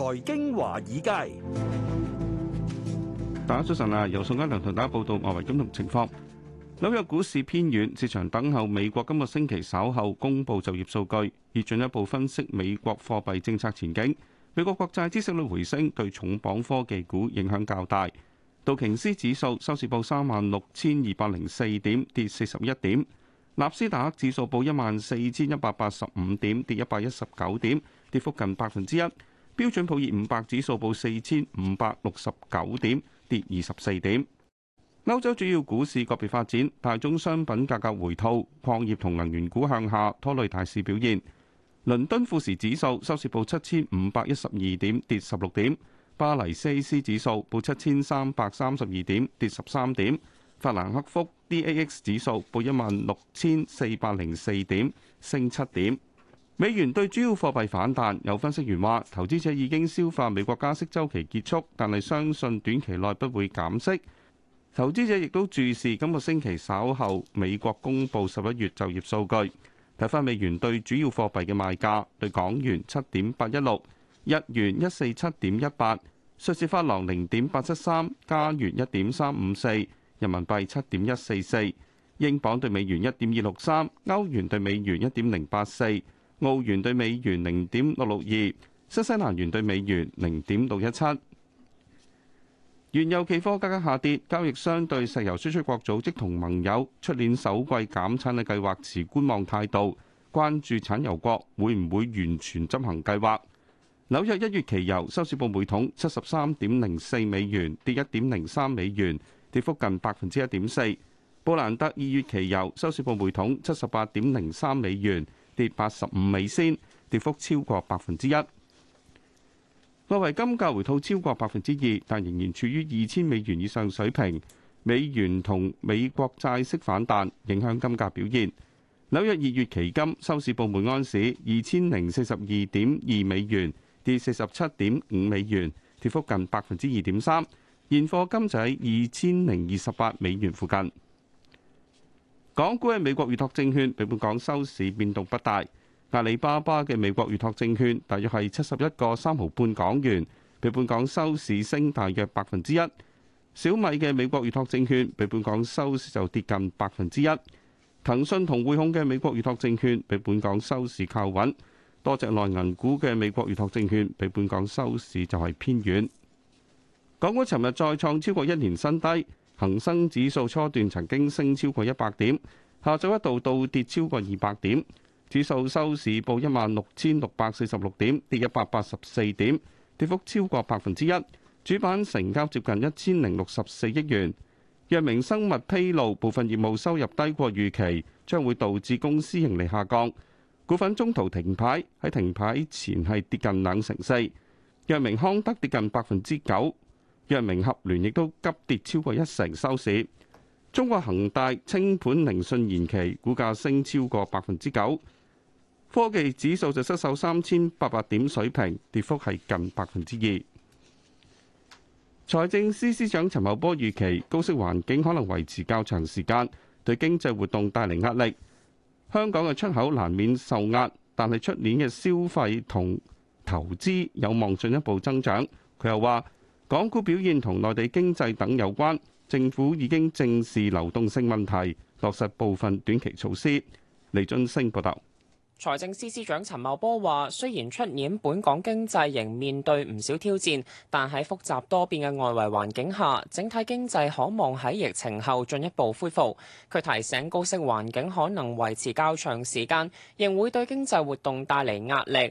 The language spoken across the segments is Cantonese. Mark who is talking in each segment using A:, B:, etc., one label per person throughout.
A: 財經華爾街，大家早晨啊！由宋嘉良同大家報道外圍金融情況。紐約股市偏軟，市場等候美國今個星期稍後公佈就業數據，以進一步分析美國貨幣政策前景。美國國債孳息率回升，對重磅科技股影響較大。道瓊斯指數收市報三萬六千二百零四點，跌四十一點；納斯達克指數報一萬四千一百八十五點，跌一百一十九點，跌幅近百分之一。標準普爾五百指數報四千五百六十九點，跌二十四點。歐洲主要股市個別發展，大宗商品價格回吐，礦業同能源股向下拖累大市表現。倫敦富時指數收市報七千五百一十二點，跌十六點。巴黎 CAC 指數報七千三百三十二點，跌十三點。法蘭克福 DAX 指數報一萬六千四百零四點，升七點。美元對主要貨幣反彈，有分析員話：投資者已經消化美國加息週期結束，但係相信短期內不會減息。投資者亦都注視今個星期稍後美國公布十一月就業數據。睇返美元對主要貨幣嘅賣價，對港元七點八一六，日元一四七點一八，瑞士法郎零點八七三，加元一點三五四，人民幣七點一四四，英鎊對美元一點二六三，歐元對美元一點零八四。澳元兌美元零點六六二，新西蘭元兌美元零點六一七。原油期貨價格下跌，交易商對石油輸出國組織同盟友出年首季減產嘅計劃持觀望態度，關注產油國會唔會完全執行計劃。紐約一月期油收市報每桶七十三點零四美元，跌一點零三美元，跌幅近百分之一點四。布蘭德二月期油收市報每桶七十八點零三美元。跌八十五美仙，跌幅超過百分之一。外圍金價回吐超過百分之二，但仍然處於二千美元以上水平。美元同美國債息反彈，影響金價表現。紐約二月期金收市報每安士二千零四十二點二美元，跌四十七點五美元，跌幅近百分之二點三。現貨金就喺二千零二十八美元附近。港股嘅美國預託證券，比本港收市變動不大。阿里巴巴嘅美國預託證券大約係七十一個三毫半港元，比本港收市升大約百分之一。小米嘅美國預託證券比本港收市就跌近百分之一。騰訊同匯控嘅美國預託證券比本港收市靠穩，多隻內銀股嘅美國預託證券比本港收市就係偏軟。港股尋日再創超過一年新低。恒生指數初段曾經升超過一百點，下晝一度倒跌超過二百點，指數收市報一萬六千六百四十六點，跌一百八十四點，跌幅超過百分之一。主板成交接近一千零六十四億元。藥明生物披露部分業務收入低過預期，將會導致公司盈利下降。股份中途停牌，喺停牌前係跌近兩成四。藥明康德跌近百分之九。約明合聯亦都急跌超過一成收市。中國恒大清盤聆訊延期，股價升超過百分之九。科技指數就失守三千八百點水平，跌幅係近百分之二。財政司司長陳茂波預期高息環境可能維持較長時間，對經濟活動帶嚟壓力。香港嘅出口難免受壓，但係出年嘅消費同投資有望進一步增長。佢又話。港股表現同內地經濟等有關，政府已經正視流動性問題，落實部分短期措施。李津升報道，
B: 財政司司長陳茂波話，雖然出年本港經濟仍面對唔少挑戰，但喺複雜多變嘅外圍環境下，整體經濟可望喺疫情後進一步恢復。佢提醒高息環境可能維持較長時間，仍會對經濟活動帶嚟壓力。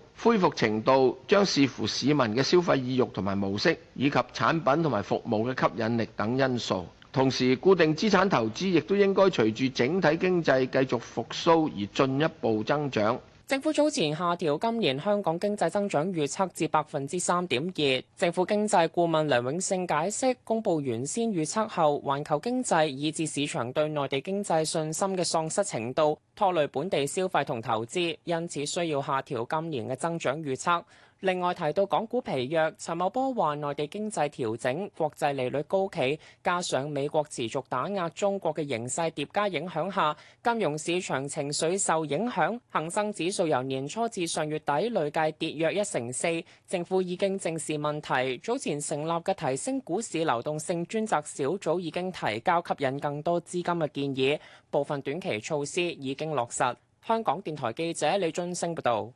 B: 恢復程度將視乎市民嘅消費意欲同埋模式，以及產品同埋服務嘅吸引力等因素。同時，固定資產投資亦都應該隨住整體經濟繼續復甦而進一步增長。政府早前下調今年香港經濟增長預測至百分之三點二。政府經濟顧問梁永勝解釋公布原先預測後環球經濟以至市場對內地經濟信心嘅喪失程度，拖累本地消費同投資，因此需要下調今年嘅增長預測。另外提到港股疲弱，陳茂波話內地經濟調整，國際利率高企，加上美國持續打壓中國嘅形勢疊加影響下，金融市場情緒受影響，恒生指數由年初至上月底累計跌約一成四。政府已經正視問題，早前成立嘅提升股市流動性專責小組已經提交吸引更多資金嘅建議，部分短期措施已經落實，香港電台記者李津升報道。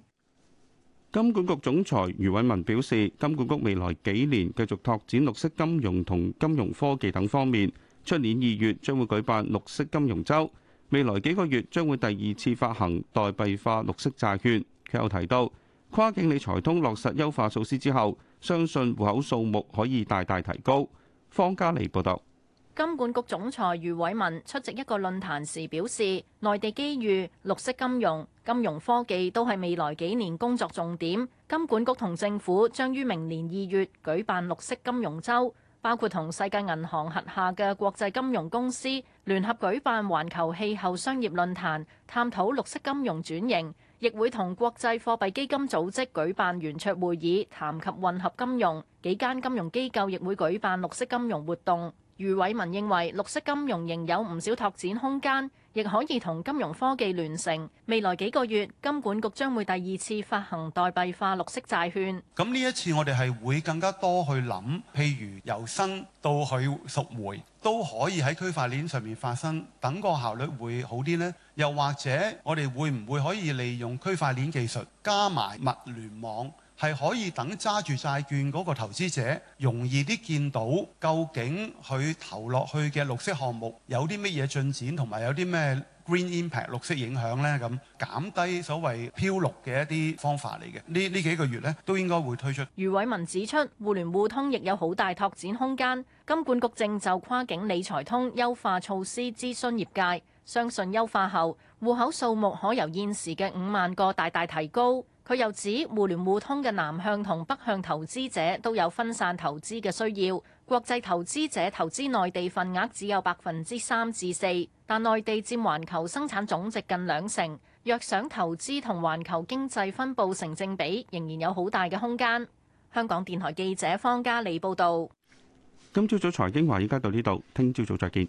A: 金管局總裁余偉文表示，金管局未來幾年繼續拓展綠色金融同金融科技等方面，出年二月將會舉辦綠色金融周，未來幾個月將會第二次發行代幣化綠色債券。佢又提到，跨境理財通落實優化措施之後，相信戶口數目可以大大提高。方嘉莉報道。
C: 金管局總裁余偉文出席一個論壇時表示，內地機遇、綠色金融、金融科技都係未來幾年工作重點。金管局同政府將於明年二月舉辦綠色金融周，包括同世界銀行轄下嘅國際金融公司聯合舉辦環球氣候商業論壇，探討綠色金融轉型；亦會同國際貨幣基金組織舉辦圓桌會議，談及混合金融。幾間金融機構亦會舉辦綠色金融活動。余偉文認為綠色金融仍有唔少拓展空間，亦可以同金融科技聯乘。未來幾個月，金管局將會第二次發行代幣化綠色債券。
A: 咁呢一次，我哋係會更加多去諗，譬如由新到去贖回都可以喺區塊鏈上面發生，等個效率會好啲呢？又或者，我哋會唔會可以利用區塊鏈技術加埋物聯網？係可以等揸住債券嗰個投資者容易啲見到，究竟佢投落去嘅綠色項目有啲乜嘢進展，同埋有啲咩 green impact 綠色影響呢？咁減低所謂漂綠嘅一啲方法嚟嘅。呢呢幾個月呢，都應該會推出。
C: 余偉文指出，互聯互通亦有好大拓展空間。金管局正就跨境理財通優化措施諮詢業界，相信優化後，戶口數目可由現時嘅五萬個大大提高。佢又指互聯互通嘅南向同北向投資者都有分散投資嘅需要。國際投資者投資內地份額只有百分之三至四，但內地佔環球生產總值近兩成。若想投資同環球經濟分佈成正比，仍然有好大嘅空間。香港電台記者方嘉利報導。
A: 今朝早財經華爾街，而家到呢度，聽朝早再見。